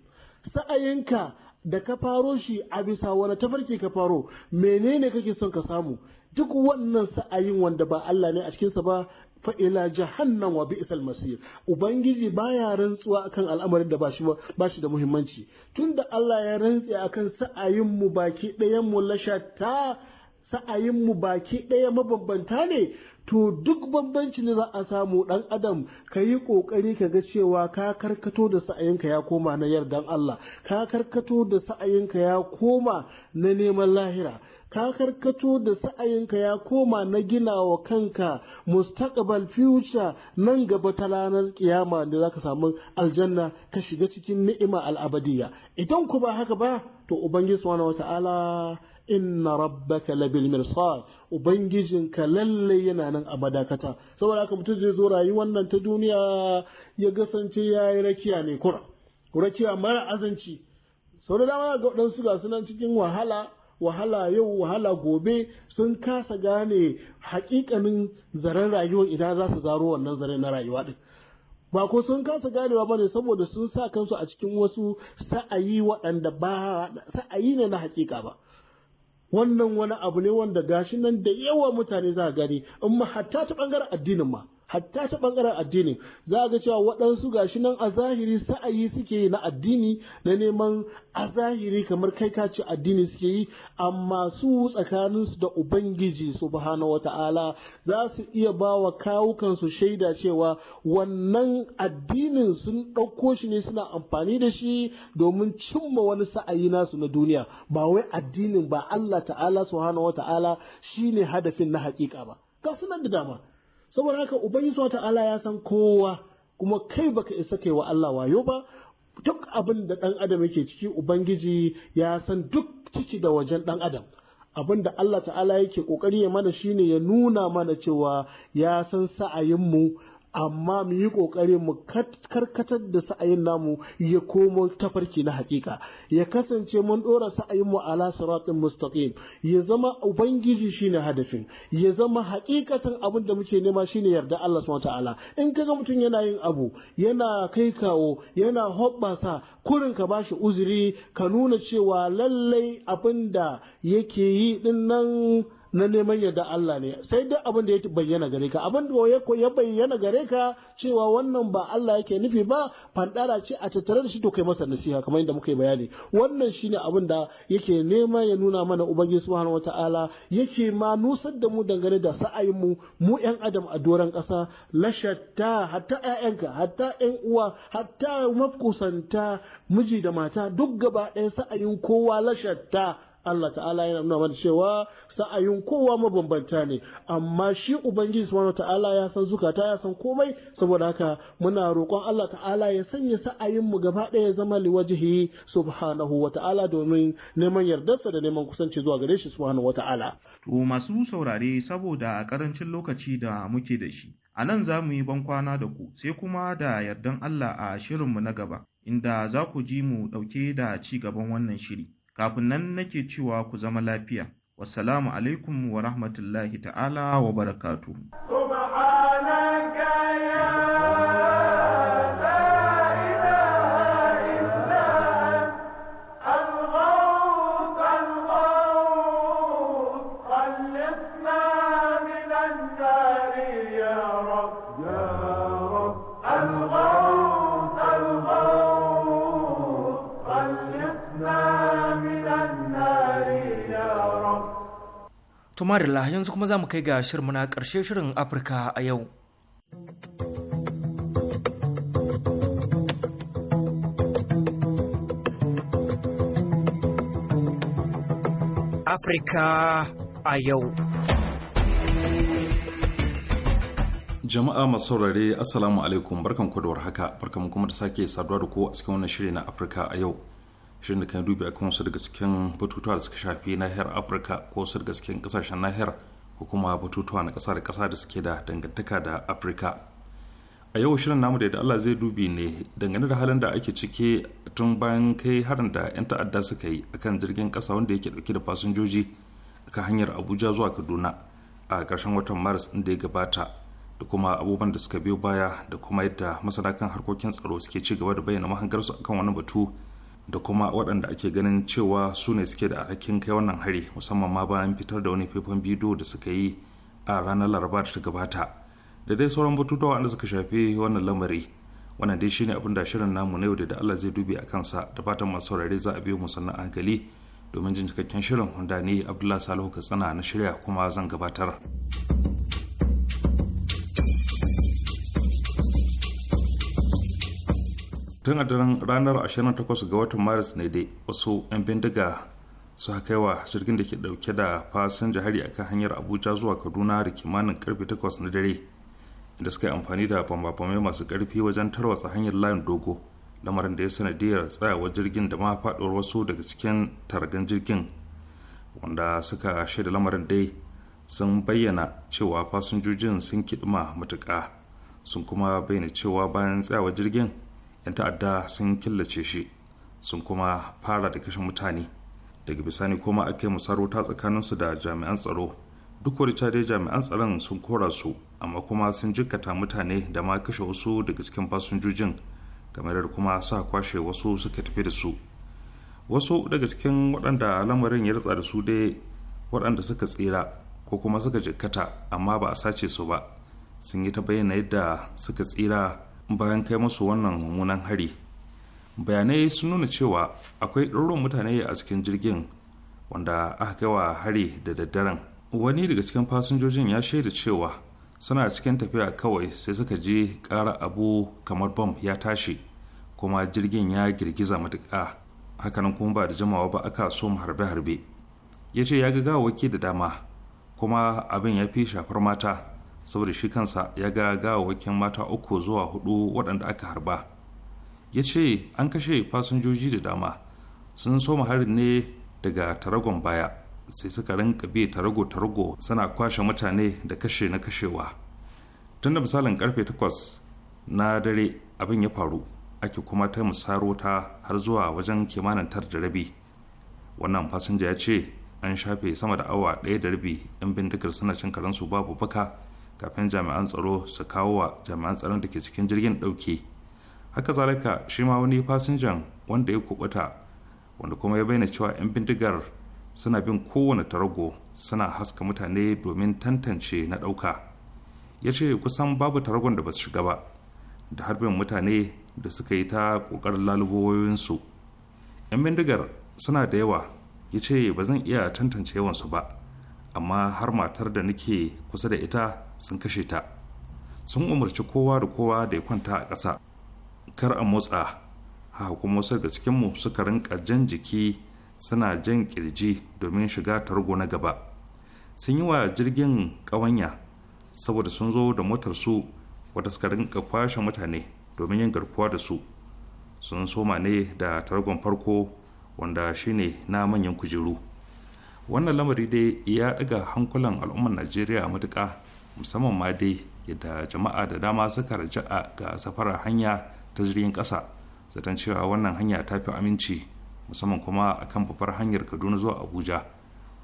sa'ayinka da ka faro shi a bisa wani tafarki ka faro menene kake son ka samu duk wannan sa'ayin wanda ba Allah ne a cikinsa ba fa ila jahannam wa bi'sal masir ubangiji baya rantsuwa akan al'amarin da bashi bashi da muhimmanci tunda Allah ya rantse akan sa'ayin mu baki ɗayan mu lashata sa'ayin mu baki ɗaya mabambanta ne to duk bambanci ne za a samu dan adam ka yi kokari ka ga cewa ka karkato da sa'ayinka ya koma na yardan Allah ka karkato da sa'ayinka ya koma na neman lahira ka karkato da sa'ayinka ya koma na gina wa kanka mustaqbal future nan gaba ta ranar kiyama da zaka samu aljanna ka shiga cikin ni'ima al'abadiyya idan ku ba haka ba to ubangiji subhanahu wata'ala inna rabbaka labil mirsad ka lalle yana nan a madakata saboda haka mutum zai zo rayuwar nan ta duniya ya kasance yi rakiya ne kura rakiya mara azanci sau da dama ga waɗansu ga sunan cikin wahala wahala yau wahala gobe sun kasa gane hakikanin zaren rayuwa idan za su zaro wannan zaren na rayuwa din ba ko sun kasa ganewa ba ne saboda sun sa kansu a cikin wasu sa'ayi waɗanda ba sa'ayi ne na hakika ba wannan wani abu ne wanda gashi nan da yawa mutane za a gani in ma hatta ta ɓangaren addinin ma hatta ta bangaren addini, za ga cewa waɗansu gashi nan a zahiri sa'ayi suke yi na addini na neman a zahiri kamar kai ka ce addini suke yi amma su tsakaninsu da ubangiji subhanahu wata'ala za su iya ba wa kawukansu shaida cewa wannan addinin sun ɗauko shi ne suna amfani da shi domin cimma wani sa'ayi nasu na duniya ba wai addinin ba Allah ta'ala subhanahu wata'ala shine hadafin na haƙiƙa ba ga sunan da dama saboda haka ubangiji su ta'ala ya san kowa kuma kai baka isa kai wa Allah wayo ba duk abin da dan adam yake ciki ubangiji ya san duk ciki da wajen dan adam abin da Allah ta'ala yake kokari ya mana shine ya nuna mana cewa ya san sa'ayinmu amma mu yi kokari mu karkatar da sa'ayin namu ya komo tafarki na hakika ya kasance mun ɗora sa'ayin mu ala siratin mustaqim ya zama ubangiji shine hadafin ya zama hakikatan abin da muke nema shine yarda Allah subhanahu ta'ala in kaga mutum yana yin abu yana kai kawo yana hobbasa kurin ka bashi uzuri ka nuna cewa lallai abin da yake yi din nan na neman yadda Allah ne sai duk abin da ya bayyana gare ka abin da ya bayyana gare ka cewa wannan ba Allah yake nufi ba fandara ce a tattare da shi to kai masa nasiha kamar yadda muka yi bayani wannan shine abin da yake nema ya nuna mana ubangiji subhanahu wataala yake ma nusar da mu dangane da sa'ayin mu mu yan adam a doran kasa. lashatta hatta ƴaƴanka hatta ƴan uwa hatta mafkusanta miji da mata duk gaba ɗaya sa'ayin kowa lashatta Allah ta'ala yana nuna mana cewa sa'ayin kowa mabambanta ne amma shi ubangiji subhanahu ta'ala ya san zukata ya san komai saboda haka muna roƙon Allah ta'ala ya sanya sa'ayin mu gaba ɗaya zama liwajihi subhanahu wa ta'ala domin neman yardarsa da neman kusanci zuwa gare shi subhanahu wa ta'ala to masu saurare saboda karancin lokaci da muke da shi a nan za mu yi bankwana da ku sai kuma da yardan Allah a shirin mu na gaba inda za ku ji mu ɗauke da ci gaban wannan shiri kafin nan nake cewa ku zama lafiya wassalamu alaikum wa rahmatullahi ta'ala wa barakatuhu Kuma da yanzu kuma za mu kai ga shirin na ƙarshe shirin Afirka a yau. Afirka a yau. Jama'a masu saurare Assalamu alaikum barkan da haka barkan kuma da sake saduwa da ku a cikin wannan shiri na Afirka a yau. shirin da kan dubi a kan wasu daga batutuwa da suka shafi nahiyar afirka ko wasu da cikin kasashen nahiyar ko kuma batutuwa na kasa da kasa da suke da dangantaka da afirka a yau shirin namu da allah zai dubi ne dangane da halin da ake cike tun bayan kai harin da 'yan ta'adda suka yi akan jirgin kasa wanda yake dauke da fasinjoji a hanyar abuja zuwa kaduna a ƙarshen watan maris inda ya gabata da kuma abubuwan da suka biyo baya da kuma yadda masana kan harkokin tsaro suke ci gaba da bayyana mahangarsu akan wani batu da kuma waɗanda ake ganin cewa su ne suke da alhakin kai wannan hari musamman ma bayan fitar da wani faifan bidiyo da suka yi a ranar laraba da ta gabata da dai sauran batutuwa wanda suka shafi wannan lamari wannan dai shine abin da shirin namu na yau da Allah zai dubi a kansa da fatan masu saurare za a biyo mu sannan hankali domin jin cikakken shirin wanda ne Abdullahi Salihu Katsina na shirya kuma zan gabatar. tun a daren ranar 28 ga watan maris ne dai wasu 'yan bindiga su haka wa jirgin da ke dauke da fasinja hari akan hanyar abuja zuwa kaduna da kimanin karfe 8 na dare inda suka yi amfani da bambamai masu karfi wajen tarwatsa hanyar layin dogo lamarin da ya sanadiyar tsayawar jirgin da ma faɗuwar wasu daga cikin targan jirgin wanda suka shaida lamarin dai sun bayyana cewa fasinjojin sun kiɗima matuƙa sun kuma bayyana cewa bayan tsayawar jirgin 'yan ta'adda sun killace shi sun kuma fara da kashe mutane daga bisani kuma aka yi musarauta su da jami'an tsaro duk wani dai jami'an tsaron sun kora su amma kuma sun jikkata mutane da ma kashe wasu daga cikin fasinjojin kamar da kuma sa kwashe wasu suka tafi da su wasu daga cikin waɗanda lamarin ya ritsa da su dai waɗanda suka tsira ko kuma suka jikkata amma ba a sace su ba sun yi ta bayyana yadda suka tsira bayan kai musu wannan mummunan hari bayanai sun nuna cewa akwai ɗaurin mutane a cikin jirgin wanda aka kai wa hari da daddaren wani daga cikin fasinjojin ya shaida cewa suna cikin tafiya kawai sai suka je ƙara abu kamar bom ya tashi kuma jirgin ya girgiza matuƙa hakanan kuma ba da jimawa ba aka so mu harbe-harbe ya ce ya ga wake da dama kuma abin ya fi shafar mata saboda shi kansa ya ga gawawakin mata uku zuwa hudu waɗanda aka harba ya ce an kashe fasinjoji da dama sun soma harin ne daga taragon baya sai suka rinka bi tarago-tarago suna kwashe mutane da kashe na kashewa tun da misalin karfe 8 na dare abin ya faru ake kuma ta musaro ta har zuwa wajen kimanin tar da rabi wannan fasinja ya ce an shafe sama da awa ɗaya da rabi 'yan bindigar suna cin karansu babu baka kafin jami'an tsaro su kawo wa jami'an tsaron da ke cikin jirgin ɗauke haka zalika shi ma wani fasinjan wanda ya kubuta wanda kuma ya bayyana cewa 'yan bindigar suna bin kowane tarago suna haska mutane domin tantance na ɗauka ya ce kusan babu taragon da ba su shiga ba da harbin mutane da suka yi ta ƙoƙarin lalubowoyinsu 'yan bindigar suna da yawa ya ce ba zan iya tantance yawansu ba amma har matar da nake kusa da ita sun kashe ta sun umarci kowa da kowa da ya kwanta a ƙasa kar a motsa haka kuma wasu daga cikinmu suka rinka jan jiki suna jan kirji domin shiga targo na gaba sun yi wa jirgin ƙawanya saboda sun zo da motar su wata suka rinka kwashe mutane domin yin garkuwa da su sun soma ne da targon farko wanda shine na manyan kujeru wannan lamari dai ya ɗaga hankulan al'ummar najeriya matuka musamman ma dai yadda jama'a da dama suka raja'a ga safarar hanya ta jirgin kasa zaton cewa wannan hanya ta fi aminci musamman kuma akan babbar hanyar kaduna zuwa abuja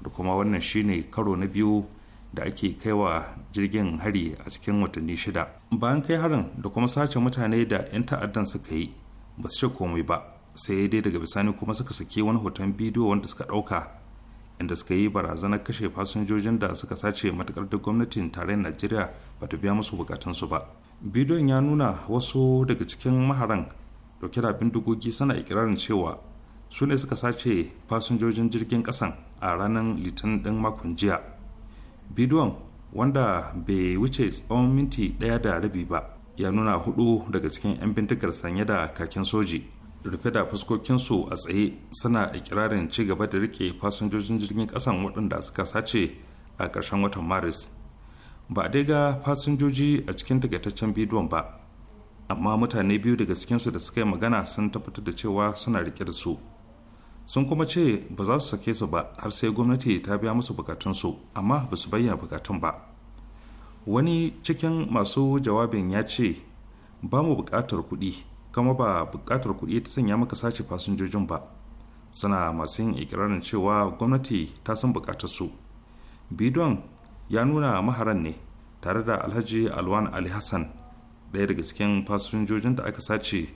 da kuma wannan shine karo na biyu da ake kaiwa jirgin hari a cikin watanni shida bayan kai harin da kuma sace mutane da 'yan ta'addan suka yi ba su ce komai ba sai dai daga bisani kuma suka saki wani hoton bidiyo wanda suka ɗauka inda suka yi barazanar kashe fasinjojin da suka sace matakar da gwamnatin tarayyar najeriya ba ta biya musu bukatunsu ba bidiyon ya nuna wasu daga cikin maharan dauke da bindigogi suna ikirarin cewa su ne suka sace fasinjojin jirgin kasan a ranar litinin din makon jiya bidiyon wanda bai wuce tsawon minti daya da rabi ba ya nuna hudu daga cikin 'yan bindigar sanye da kakin soji rufe da fuskokinsu a tsaye suna ikirarin ci gaba da rike fasinjojin jirgin kasan waɗanda suka sace a ƙarshen watan maris ba a dai ga fasinjoji a cikin takaitaccen bidiyon ba amma mutane biyu daga cikinsu da suka yi magana sun tabbatar da cewa suna rike da su sun kuma ce ba za su sake su ba har sai gwamnati ta biya musu bukatunsu amma ba su bayyana bukatun ba wani cikin masu jawabin ya ce ba mu bukatar kuɗi kama ba buƙatar kuɗi ta sanya maka sace fasinjojin ba suna masu yin ikirarin cewa gwamnati ta san buƙatar su bidon ya nuna maharan ne tare da alhaji alwan ali hassan ɗaya daga cikin fasinjojin da aka sace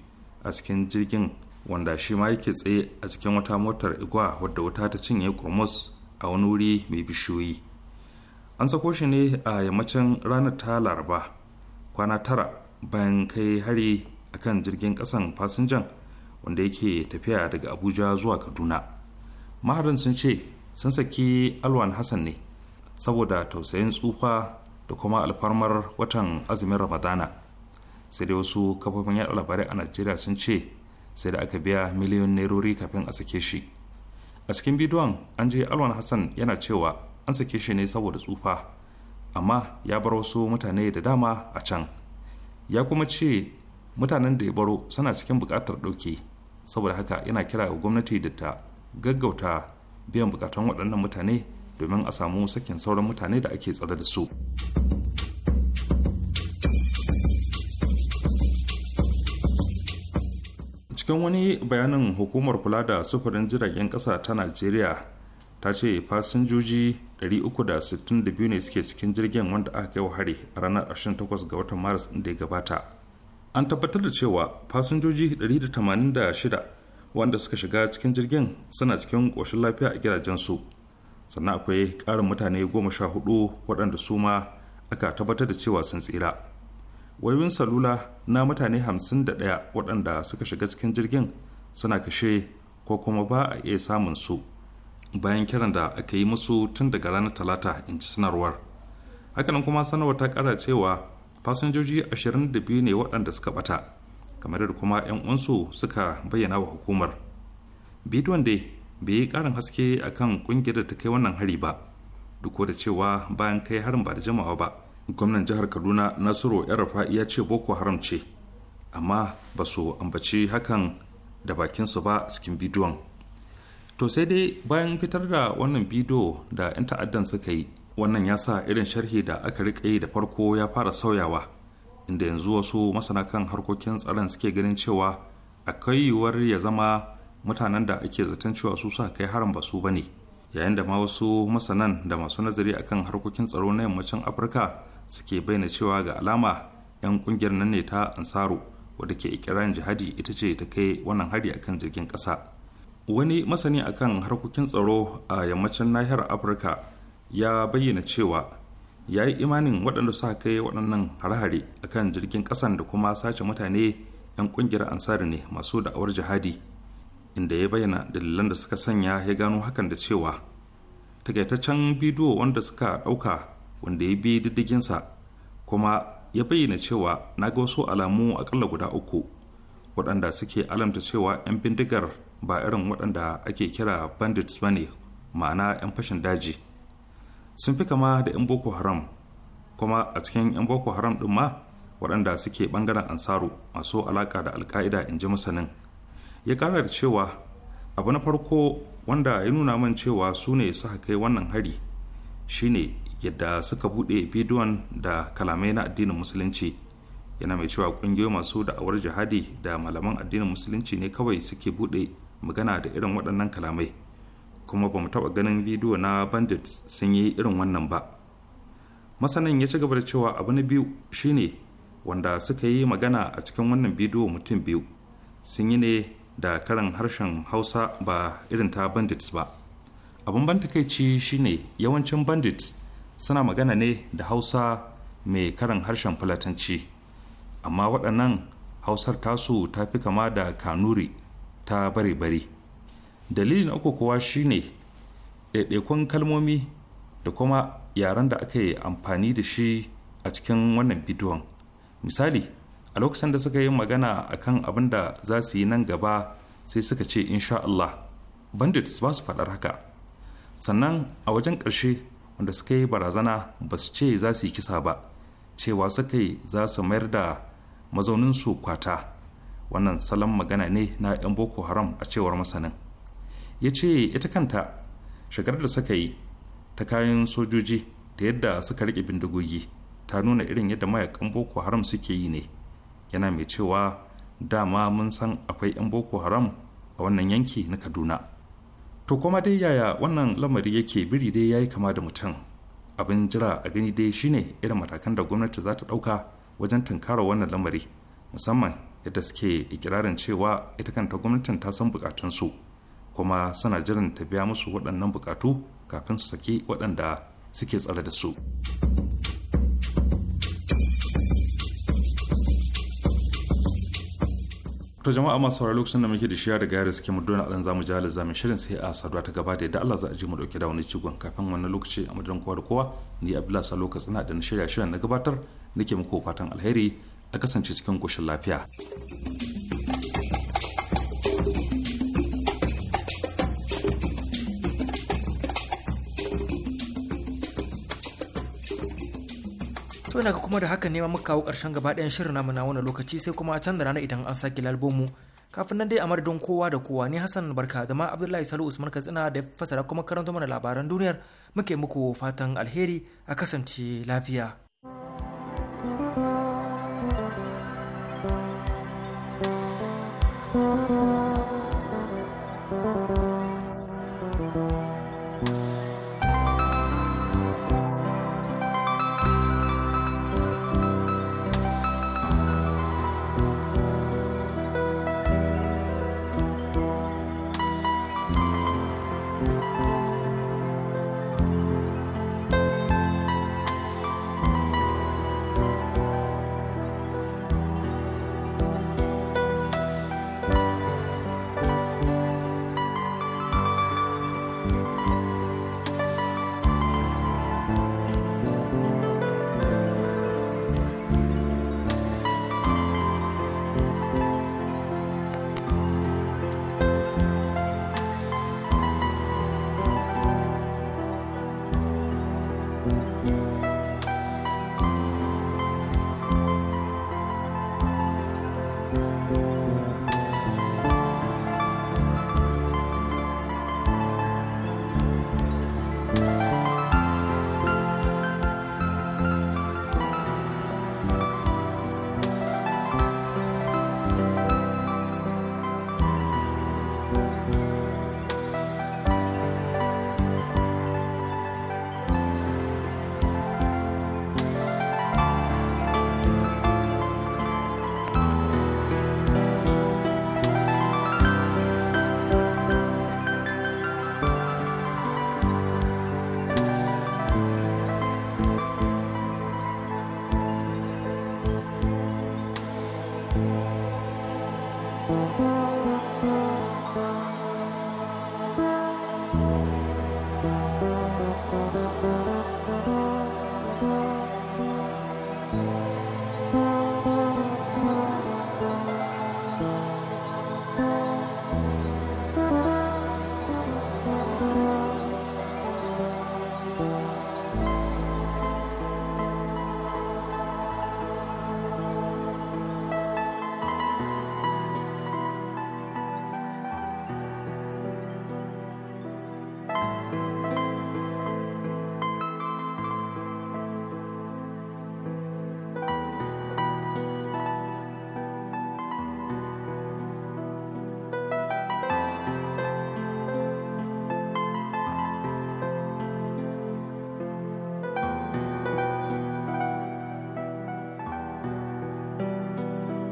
a cikin jirgin wanda shi ma yake tsaye a cikin wata motar igwa wadda wuta ta cinye kurmus a wani wuri mai bishiyoyi an sako shi ne a yammacin ranar ta laraba kwana tara bayan kai hari akan jirgin kasan fasinjan wanda yake tafiya daga abuja zuwa kaduna maharin sun ce sun saki alwan hassan ne saboda tausayin tsufa da kuma alfarmar watan azumin ramadana sai dai wasu kafofin yaɗa labarai a najeriya sun ce sai da aka biya miliyon nerori kafin a sake shi a cikin bidiyon an je alwan hassan yana cewa an sake shi ne saboda tsufa amma ya bar wasu mutane da dama a can ya kuma ce mutanen da ya baro suna cikin bukatar ɗauke saboda haka yana kira ga gwamnati da ta gaggauta biyan bukatun waɗannan mutane domin a samu sakin sauran mutane da ake tsare da su. cikin wani bayanin hukumar kula da sufurin jiragen ƙasa ta najeriya ta ce fasinjoji 362 ne suke cikin jirgin wanda aka kai wa hari a ranar 28 ga watan maris da ya gabata an tabbatar da cewa fasinjoji 186 wanda suka shiga cikin jirgin suna cikin ƙoshin lafiya a gidajensu sannan akwai ƙarin mutane goma 14 waɗanda su ma aka tabbatar da cewa sun tsira wayoyin salula na mutane 51 waɗanda suka shiga cikin jirgin suna kashe ko kuma ba a iya samun su bayan kiran da aka yi musu tun daga ranar talata in ci sanarwar hakanan kuma sanarwar ta ƙara cewa fasinjoji 22 ne waɗanda suka ɓata kamar da kuma 'yan uwansu suka bayyana wa hukumar bidiyon dai bai yi ƙarin haske a kan ƙungiyar da ta kai wannan hari ba duk da cewa bayan kai harin ba da jimawa ba gwamnan jihar kaduna nasiru rafa ya ce boko haram ce amma ba su ambaci hakan da bakinsu ba cikin bidiyon to sai dai bayan fitar da wannan bidiyo da 'yan ta'addan suka yi wannan ya sa irin sharhi da aka rika yi da farko ya fara sauyawa inda yanzu wasu masana kan harkokin tsaron suke ganin cewa akwai yiwuwar ya zama mutanen da ake zaton cewa su sa kai harin ba su ba ne yayin da ma wasu masanan da masu nazari akan harkokin tsaro na yammacin afirka suke bayyana cewa ga alama 'yan kungiyar nan ne ta ansaru wadda ke ikirarin jihadi ita ce ta kai wannan hari akan jirgin ƙasa wani masani akan harkokin tsaro a yammacin nahiyar afirka ya bayyana cewa ya yi imanin waɗanda suka kai waɗannan hare-hare kan jirgin ƙasan da kuma sace mutane 'yan ƙungiyar ansari ne masu da'awar jihadi inda ya bayyana dalilan da suka sanya ya gano hakan da cewa takaitaccen bidiyo wanda suka ɗauka wanda ya bi diddiginsa kuma ya bayyana cewa na ga wasu alamu akalla guda uku waɗanda suke alamta cewa 'yan bindigar ba irin waɗanda ake kira bandits ba ne ma'ana 'yan fashin daji sun fi kama da 'yan boko haram kuma a cikin 'yan boko haram ɗin ma waɗanda suke ɓangaren ansaru masu alaƙa da alka'ida in ji masanin ya ƙara da cewa abu na farko wanda ya nuna man cewa su ne suka kai wannan hari shine yadda suka buɗe bidiyon da kalamai na addinin musulunci yana mai cewa ƙungiyoyi masu da'awar jihadi da malaman addinin musulunci ne kawai suke buɗe magana da irin waɗannan kalamai kuma ba mu taɓa ganin bidiyo na bandits sun yi irin wannan ba masanin ya ci gaba da cewa abu na biyu shine wanda suka yi magana a cikin wannan bidiyo mutum biyu sun yi ne da karan harshen hausa ba irin ta bandits ba abin ban takaici shine yawancin bandits suna magana ne da hausa mai karan harshen fulatanci amma waɗannan hausar tasu ta fi kama da kanuri ta bare-bare dalili na uku kuwa shine ɗaiɗaikun kalmomi da kuma yaren da aka yi amfani da shi a cikin wannan bidiyon misali a lokacin da suka yi magana akan abin da za su yi nan gaba sai suka ce insha Allah bandits ba su faɗar haka sannan a wajen ƙarshe wanda suka yi barazana ba su ce za su yi kisa ba cewa suka yi za su mayar da mazaunin su kwata wannan salon magana ne na 'yan boko haram a cewar masanin ya ce ita kanta shigar da suka yi ta kayan sojoji da yadda suka rike bindigogi ta nuna irin yadda mayakan boko haram suke yi ne yana mai cewa dama mun san akwai 'yan boko haram a wannan yanki na kaduna to kuma dai yaya wannan lamari yake biri dai yayi kama da mutum abin jira a gani dai shine irin matakan da gwamnati za ta ɗauka wajen tunkara wannan lamari musamman yadda suke ikirarin cewa ita kanta gwamnatin ta san bukatunsu su kuma suna jiran ta biya musu waɗannan bukatu kafin su sake waɗanda suke tsare da su. to jama'a masu sauraro lokacin da muke da shiya daga yare suke mudona ɗan zamu ji halin zamin shirin sai a saduwa ta gaba da yadda Allah za a ji mu dauke da wani cigon kafin wannan lokaci a madadin kowa da kowa ni Abdullahi Salo lokacin da na shirya shirin na gabatar nake muku fatan alheri a kasance cikin koshin lafiya. to ina kuma da haka ne muka kawo karshen gaba ɗayan shirin namu na wani lokaci sai kuma can da rana idan an sake lalbomu kafin nan dai a madadin kowa da kowa ni Hassan Barka da ma Abdullahi Salu Usman Katsina da fasara kuma karanta mana labaran duniyar muke muku fatan alheri a kasance lafiya.